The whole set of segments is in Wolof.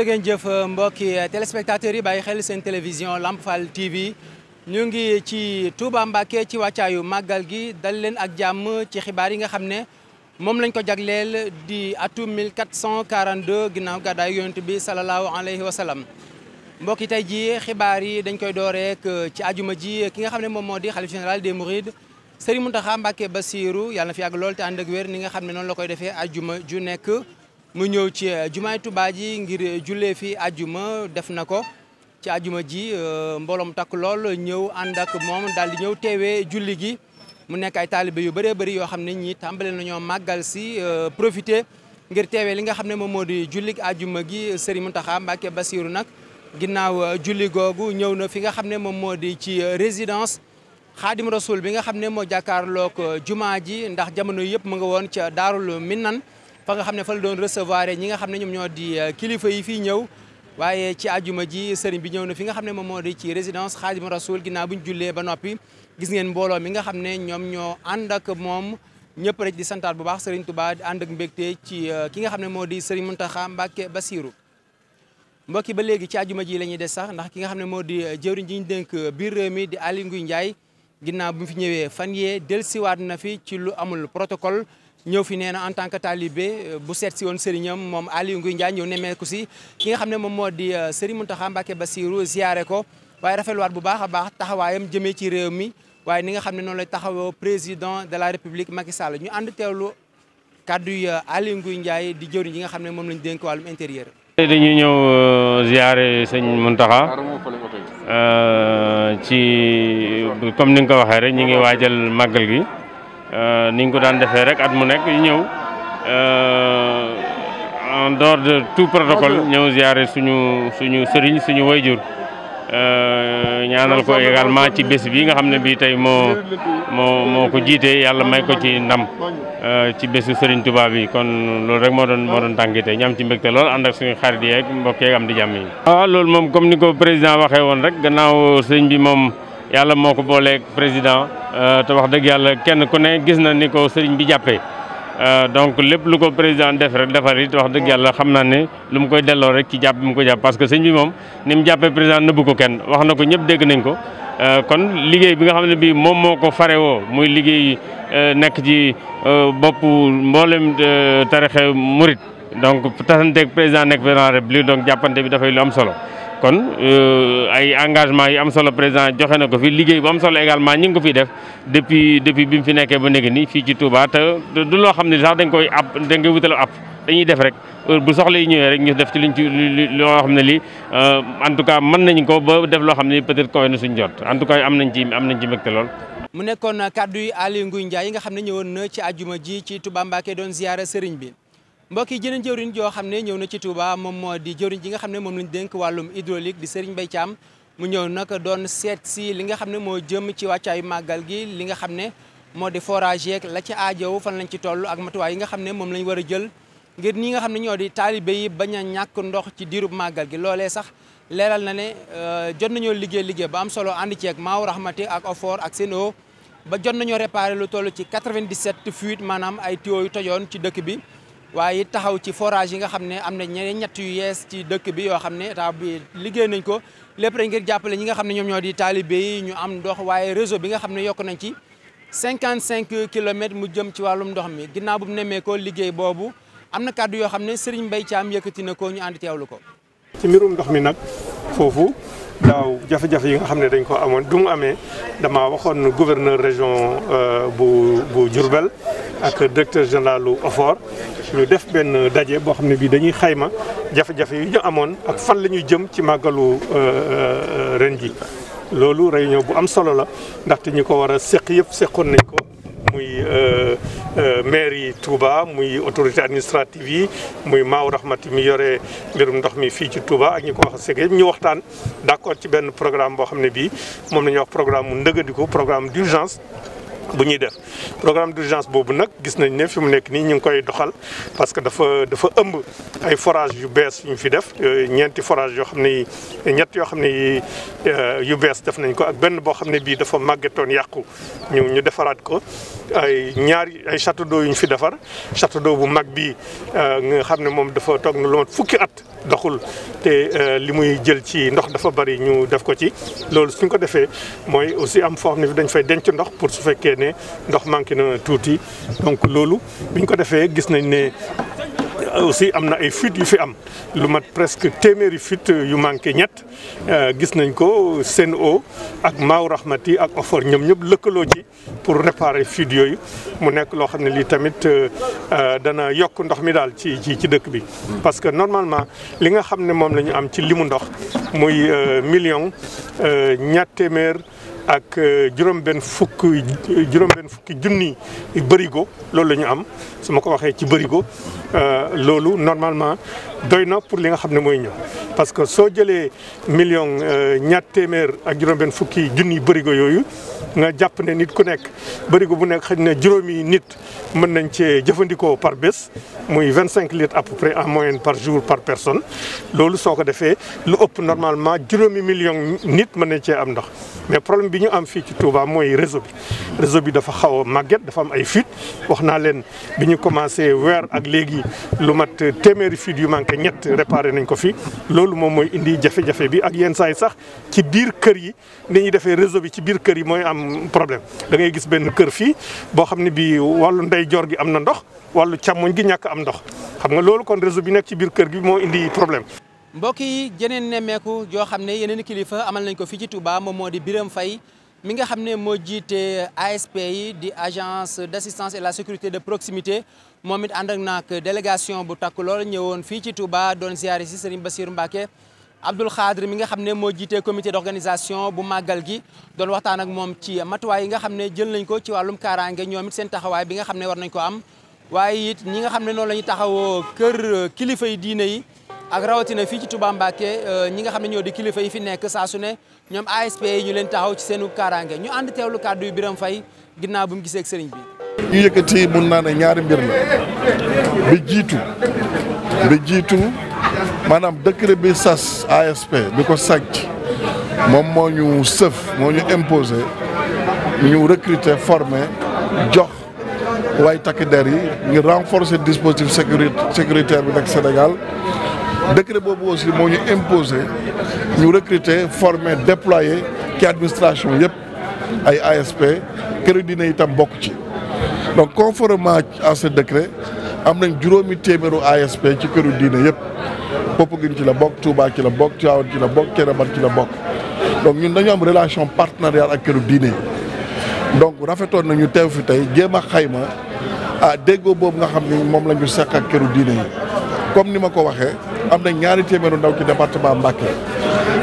jërëgeen jëf euh, mbokki euh, téléspectateurs yi bàyyi xel seen télévision Lamp Fall TV ñu ngi ci Touba Mbacké ci wàccaayu màggal gi dal leen ak jàmm ci xibaar yi nga xam ne moom lañ ko jagleel di atum 1442 ginnaaw gàddaayu yonent bi salallaahu alayhi wa sallam mbokki tey ji xibaar yi dañ koy door rek euh, ci ajuma ji ki nga xam ne moom moo di xalif général des mourides Serigne Mountakha Mbacké Bassirou yàlla na fi ak lool te ànd ak wér ni nga xam ne noonu la koy defee ajuma ju nekk mu ñëw ci euh, jumaa Tuubaa ji ngir euh, julle fi ajuma def na ko ci ajuma ji euh, mbooloom takk lool ñëw ànd ak moom daal di ñëw teewee julli gi mu nekk ay taalibe yu bëree bëri yoo xam ne ñi tàmbale nañoo màggal si profité ngir teewee li nga xam ne moom moo di julli jullig ajuma gi Serigne Mountakha Mbacké Bassirou nag ginnaaw julli googu ñëw na fi nga xam ne moom moo di ci résidence Xaadim Rasul bi nga xam ne moo jàkkaarloog jumaa ji ndax jamono yëpp mu nga woon ca Daarul Minnan fa nga xam ne fa la doon recevoir ñi nga xam ne ñoom ñoo di euh, kilifa yi fii ñëw waaye ci ajuma ji sëriñ bi ñëw na fi nga xam ne moom moo di ci résidence Xaadimu Rasuul ginnaaw bu ñu jullee ba noppi gis ngeen mbooloo mi nga xam ne ñoom ñoo ànd ak moom ñëpp rek di santaat bu baax sëriñ Touba ànd ak mbégte ci euh, ki nga xam ne moo di sëriñ Muntaxa Mbàkke Basiiru mbokki ba léegi ci ajuma ji la ñuy des sax ndax ki nga xam ne moo di euh, jëwriñ ji denk dénk biir réew di Aly Ngouille Ndiaye ginnaaw bi mu fi ñëwee fan yee dellusiwaat na fi ci lu amul protocole ñëw fi nee na en tant que talibé euh, bu seet si woon sëriñam moom Aliou Ngouille Ndiaye ñëw nemmeeku si ki nga xam ne moom moo di euh, sëriñ Mountakha Mbacké Bassirou ziyaare ko waaye rafetluwaat bu baax a baax taxawaayam jëmee ci réew mi waaye ni nga xam ne noonu lay taxawoo président de la république Macky Sall ñu ànd teewlu kàddu yi euh, Aliou Ngouille Ndiaye di jëwriñ yi nga xam ne moom lañ dénk wàllum intérieur. dañuy ñëw ziyaare sëñ ci comme ni nga ko waxee rek ñu ngi waajal màggal gi euh, ni ñu ko daan defee rek at mu nekk ñëw euh, en door de tout protocole ñëw ziare suñu suñu sëriñ suñu wayjur Euh, ñaanal ko également ci bés bi nga xam ne bii tey moo moo moo ko jiite yàlla may ko ci ndam euh, ci bésu sëriñ Touba yi kon loolu rek moo doon moo doon tànki tey ñam ci mbégte lool ànd ak suñu xarit yeeg mbokk yeeg am di jàmm yi. waaw ah, loolu moom comme ni ko président waxee woon rek gannaaw sëñ bi moom yàlla moo ko booleeg président euh, te wax dëgg yàlla kenn ku ne gis na ni ko sëriñ bi jàppee. Euh, donc lépp lu ko président def rek defar it wax dëgg yàlla xam naa ne lu mu koy delloo rek ci jàpp mu ko jàpp parce que sëñ bi moom ni mu jàppee président nëbbu ko kenn wax na ko ñëpp dégg nañ ko. Euh, kon liggéey bi nga xam ne bii moom moo ko farewoo muy liggéey euh, nekk ci boppu mboolem tarixe murit donc tasanteeg président nekk président république donc jàppante bi dafay lu am solo. kon euh, ay engagement yu am solo président joxe na ko fi liggéey bu am solo également ñu ngi ko fiy def depuis depuis bi mu fi nekkee ba léegi nii fii ci Touba te du loo xam ne sax dañ koy app dañ koy rek bu soxla yi ñëwee rek ñu def ci liñ ci loo xam ne lii euh, en tout cas mën nañ ko ba def loo xam ne peut-être na suñ jot en tout cas am am nañ ci mbégte lool. mu nekkoon kàddu yi Aliou Ngouye Ndiaye yi nga xam ne ñëwoon na ci àjjuma ji ci Touba Mbacké doon ziyaara sëriñ bi. mbokk yi jëneen jëwriñ joo xam ne ñëw na ci Touba moom moo di jëwriñ ji nga xam ne moom lañ dénk wàllum hydraulique di Serigne Mbaye Thiam mu ñëw nag doon seet si li nga xam ne moo jëm ci wàccaayu màggal gi li nga xam ne moo di forage yeeg la ci aajow fan lañ ci toll ak matuwaay yi nga xam ne moom lañu war a jël ngir ñi nga xam ne ñoo di taalibe yi bañ a ñàkk ndox ci diirub màggal gi loolee sax leeral na ne euh, jot nañoo liggéey liggéey ba am solo ànd ceeg maaw rahmati ak ofor ak o ba jot nañoo réparé lu toll ci 97 fuite maanaam ay tuyaux yu tojoon ci dëkk bi waaye taxaw ci forage yi nga xam ne am na ñeneen ñett yu yees ci dëkk bi yoo xam ne taa bi liggéey nañ ko lépp rek ngir jàppale ñi nga xam ne ñoom ñoo di taalibe yi ñu am dox waaye réseau bi nga xam ne yokk nañ ci 55 kilomètres mu jëm ci wàllum ndox mi ginnaaw bu mu nemmee ko liggéey boobu am na kàddu yoo xam ne Serigne Mbaye Thiam yëkkati na ko ñu ànd teewlu ko. ci mbirum ndox mi nag. foofu daaw jafe-jafe yi nga xam ne dañ ko amoon du mu amee damaa waxoon gouverneur région euh, bu bu Diourbel ak directeur général lu OFOR ñu def benn daje boo xam ne bii dañuy xayma jafe-jafe yu ñu amoon ak fan la ñuy jëm ci màggalu euh, euh, ren ji loolu ñëw bu am solo la ndaxte ñi ko war seq yëpp seqoon nañ ko muy Euh, maire yi Touba muy autorité administrative yi muy Maaw Rahmati mi yore mbirum ndox mi fii ci Touba ak ñi ko wax sëgg yëpp ñu waxtaan d' accord ci benn programme boo xam ne bii moom la ñuy wax programme mu ndëgëndiku programme d' bu ñuy def programme d'urgence boobu nag gis nañ ne fi mu nekk nii ñu ngi koy doxal parce que dafa dafa ëmb ay forage yu bees yu ñu fi def euh, ñeenti forage yoo xam ne ñett yoo xam ne euh, yu bees def nañ ko ak benn boo xam ne bii dafa màggetoon yàqu ñu ñu defaraat ko ay ñaari ay château d'eau yu ñu fi defar château d'eau bu mag bii euh, nga xam ne moom dafa toog na lu fukki at doxul te euh, li muy jël ci ndox dafa bari ñu def ko ci loolu suñ ko defee mooy aussi am foo xam ne dañ fay denc ndox pour su fekkee ne ndox manqué na tuuti donc loolu biñ ko defee gis nañ ne Euh, aussi am na ay fuites yu fi am lu mat presque téeméeri fuite yu manqué ñett euh, gis nañ ko Sen'Eau ak Maaw Rahmati ak Ofor ñoom ñëpp lëkkaloo ci pour réparer fuite yooyu mu nekk loo xam ne lii tamit euh, dana yokk ndox mi daal ci ci ci dëkk bi. parce que normalement li nga xam ne moom la ñu am ci limu ndox muy million ñaar téeméer. ak euh, juróom-benn fukk juróom-benn fukki junni bërigo loolu la ñu am su ma ko waxee ci bërigo euh, loolu normalement doy na pour li nga xam ne mooy ñëw parce que soo jëlee million euh, ñaar téeméer ak juróom-benn fukki junni bërigo yooyu nga jàpp ne nit ku nekk bërigo bu nekk xëy na juróomi nit mën nañ cee jëfandikoo par bés muy vingt cinq litres à peu près en par jour par personne loolu soo ko defee lu ëpp normalement juróomi million nit mën nañ cee am ndox mais problème bi ñu am fii ci Touba mooy réseau bi réseau bi dafa xaw a dafa am ay fuite wax naa leen bi ñu commencé weer ak léegi lu mat téeméeri fuite yu manqué ñett réparé nañ ko fi loolu moom mooy indi jafe-jafe bi ak yenn saa yi sax ci biir kër yi ni ñuy defee réseau bi ci biir kër yi mooy am problème da ngay gis benn kër fii boo xam ne bi wàllu ndey joor gi am na ndox wàllu càmmoñ gi ñàkk am ndox xam nga loolu kon réseau bi nekk ci biir kër gi moo indi problème mbokk yi jeneen nemmeeku joo xam ne yeneen kilifa amal nañ ko fii ci Touba moom moo di Birame Faye mi nga xam ne moo jiite ASP yi di agence d'assistance et la sécurité de proximité moom it ànd ak nag délégation bu takku lool ñëwoon fii ci Touba doon ziare si Serigne Bassirou Mbacké Abdoul Khadre mi nga xam ne moo jiite comité d'organisation bu màggal gi doon waxtaan ak moom ci matuwaay yi nga xam ne jël nañ ko ci wàllum kaaraange ñoom it seen taxawaay bi nga xam ne war nañ ko am waaye it ñi nga xam ne noonu la ñu taxawoo kilifa yi diine yi ak rawatina fii ci Touba Mbacké euh, ñi nga xam ne ñoo di kilifa yi fi nekk saa su ne ñoom ASP yi ñu leen taxaw ci seenu kaaraange ñu ànd teewlu kàddu yu Birame Faye fay bu mu gisee ak sëriñ bi. ñu yëkkati mun naa ñaari mbir la bi jiitu bi jiitu maanaam décret bi sas ASP bi ko sàcc moom moo ñu sëf moo ñu imposé ñu recruter former jox way takk der yi ngir renforcer dispositif sécurité sécuritaire bi nekk Sénégal. décret boobu aussi moo ñu imposer ñu recruter former déployer ci administration yëpp ay ASP këri dina itam bokk ci donc conformément à ce am nañ juróomi téeméeru ASP ci këru diine yëpp Popenguine ci la bokk Touba ci la bokk Tivaouane ci la bokk Kérémat ci la bokk donc ñun dañu am relation partenariat ak këru diine yi donc rafetoon nañu teew fi tey jéem a xayma ah déggoo boobu nga xam ni moom la ñu seq ak këru diine yi comme ni ma ko waxee am nañ ñaari téeméeru ndaw ci département Mbacké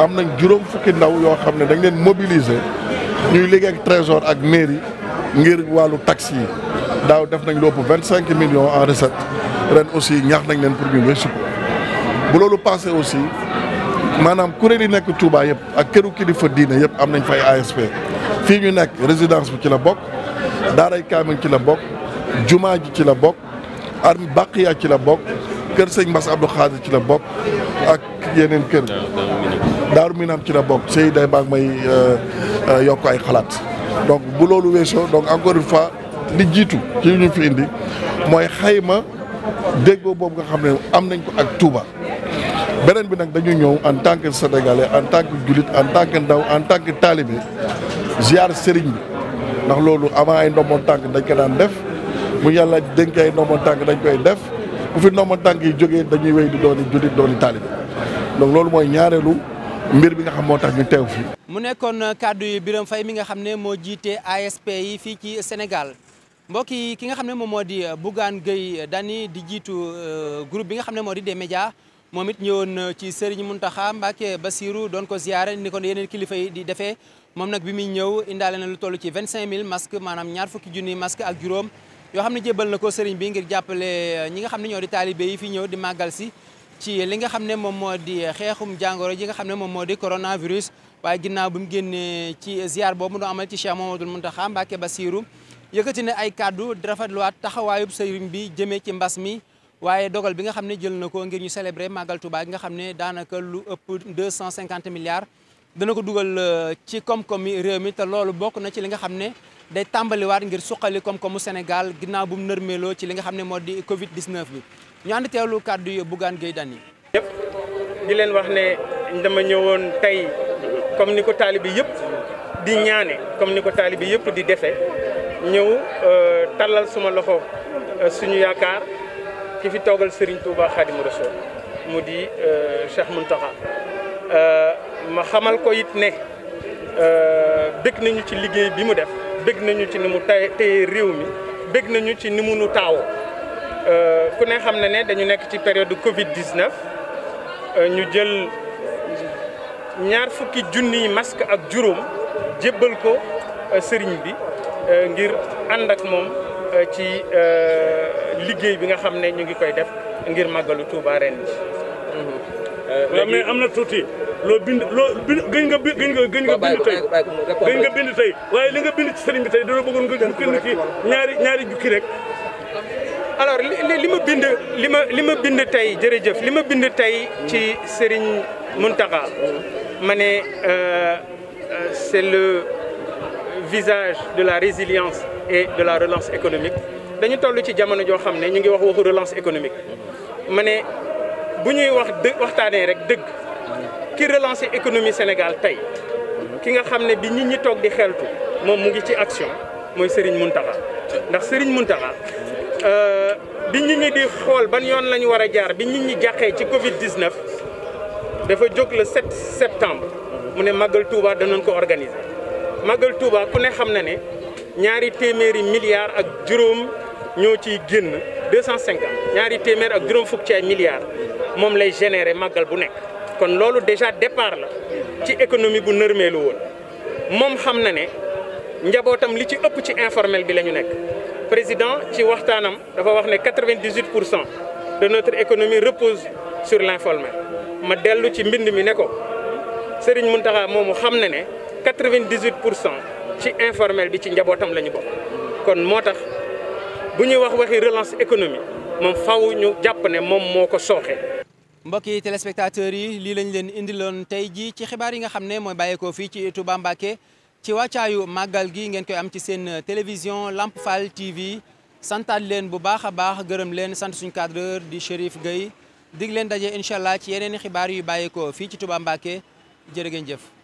am nañ juróom fukki ndaw yoo xam ne dañ leen mobiliser ñuy liggéey ak trésor ak mairie ngir wàllu taxi daaw def nañ lu ëpp vingt cinq million en recette ren aussi ñaax nañ leen pour ñu wésu ko bu loolu passé aussi maanaam kuréel yi nekk Touba yëpp ak këru kilifa diine yëpp am nañ fay ASP fii ñu nekk résidence bi ci la bokk daaray Kaamil ci la bokk jumaa ji ci la bokk arme Baqiya ci la bokk kër sëñ Mbass Abdou Khadir ci la bokk ak yeneen kër daaru minam ci la bokk sëy day baag may euh, euh, yokk ay xalaat donc bu loolu weesoo donc encore une fois li jiitu ci ñu fi indi mooy xayma déggoo boobu nga xam ne am nañ ko ak Touba beneen bi nag dañu ñëw en tant que en tant que en tant ndaw en tant que talibé ziar sëriñ bi ndax loolu avant ay ndombo tànk dañ ko daan def mu yàlla dénk ay ndombo tànk dañ koy def bu fi ndomba tànk yi jógee dañuy wéy di dooni jullit dooni taalibe donc loolu mooy ñaareelu mbir bi nga xam moo tax ñu teew fii. mu nekkoon kàddu yu biram Faye mi nga xam ne moo jiite ASP yi fii ci Sénégal mbokk yi ki nga xam ne moom moo di Bougane Gueye Dany di jiitu euh, groupe bi nga xam ne moo di des médias moom it ñëwoon ci Serigne Mountakha Mbacké Bassirou doon ko ziare ni ko yeneen kilifa yi di defee moom nag bi muy ñëw indaale na lu toll ci vingt cinq mille maanaam ñaar fukki junni masques ak juróom. yoo xam ne jébbal na ko sëriñ bi ngir jàppale eh, ñi nga xam ne ñoo di taalibe yi fi ñëw di màggal si ci li nga xam ne moom moo eh, xeexum jàngoro ji nga xam ne moom moo di coronavirus waaye ginnaaw bi mu génnee ci ziar boobu mu doon amal ci Cheikh Mamadou Mountakha Mbacké Bassirou yëkkati ne ay kàddu di rafetluwaat taxawaayub sëriñ bi jëmee ci mbas mi waaye dogal bi nga xam ne jël na ko ngir ñu célébrer màggal Touba nga xam ne daanaka lu ëpp 250 milliards dana ko dugal euh, ci koom-koom yi réew mi te loolu bokk na ci li nga xam ne day tàmbaliwaat ngir suqali koom-koomu Sénégal ginnaaw bu mu nërmeeloo ci li nga xam ne moo di Covid 19 bi ñu ànd teewlu kàddu yi Bougane Gueye Dany. yëpp di leen wax ne dama ñëwoon tey comme ni ko taalibe yëpp di ñaane comme ni ko taalibe yëpp di defee ñëw euh, tàllal suma loxo euh, suñu yaakaar ki fi toogal Serigne Touba Khadimou Rassoul mu di Cheikh Mountakha. ma xamal ko it ne euh, bëgg nañu ci liggéey bi mu def bëgg nañu ci ni mu tay téye réew mi bëgg nañu ci ni mu nu taawoo euh, ku ne xam ne ne dañu nekk ci période Covid 19 euh, ñu jël ñaar fukki yi masque ak juróom jébbal ko sëriñ bi ngir ànd ak moom ci liggéey bi nga xam ne ñu ngi koy def ngir màggalu Touba ren waaw euh, mais am na tuuti loo bind loo bind gëñ nga bind gëñ nga bind tey gëñ nga bind tey waaye li nga bind ci sëriñ bi tey dana bëggoon nga kenn ki ñaari ñaari jukki rek li ma bind li ma li ma bind tey jërëjëf li ma bind tey ci sëriñ Mountakha ma ne euh, euh, c'est le visage de la résilience et de la relance économique dañu toll ci jamono joo xam ne ñu ngi wax waxu relance économique ma ne bu ñuy wax dë waxtaanee rek dëgg ki relancer économie Sénégal tey ki nga xam ne bi nit ñi toog di xeltu moom mu ngi ci action mooy Serigne Mountakha ndax Serigne Mountakha euh, bi nit ñi di xool ban yoon la ñu war a jaar bi nit ñi jàqee ci Covid 19 dafa jóg le 7 septembre mu ne Magal Touba danañ ko organiser màggal Touba ku ne xam na ne ñaari téeméeri milliards ak juróom ñoo ciy génn 250 ñaari téeméer ak juróom fukk ci milliards. moom lay générer màggal bu nekk kon loolu déjà départ la ci économie bu nërmeelu woon moom xam na ne njabootam li ci ëpp ci informel bi la ñu nekk président ci waxtaanam dafa wax ne 98 pour cent de notre économie repose sur l'informel ma dellu ci mbind mi ne ko Serigne moom moomu xam na ne 98 pour cent ci informel bi ci njabootam la ñu bokk kon moo tax bu ñuy wax waxi relance économique moom faw ñu jàpp ne moom moo ko sooxe. mbokki téléspectateurs yi lii lañ leen indiloon tey jii ci xibaar yi nga xam ne mooy bàyyeekoo fii ci Touba Mbacké ci wàccaayu màggal gi ngeen koy am ci seen télévision Lamp Fall TV santaat leen bu baax a baax gërëm leen sant suñu cadreur di Chérif Gueye dig leen daje incha allah ci yeneen i xibaar yu bàyyeekoo fii ci Touba Mbacké jërë ngeen jëf.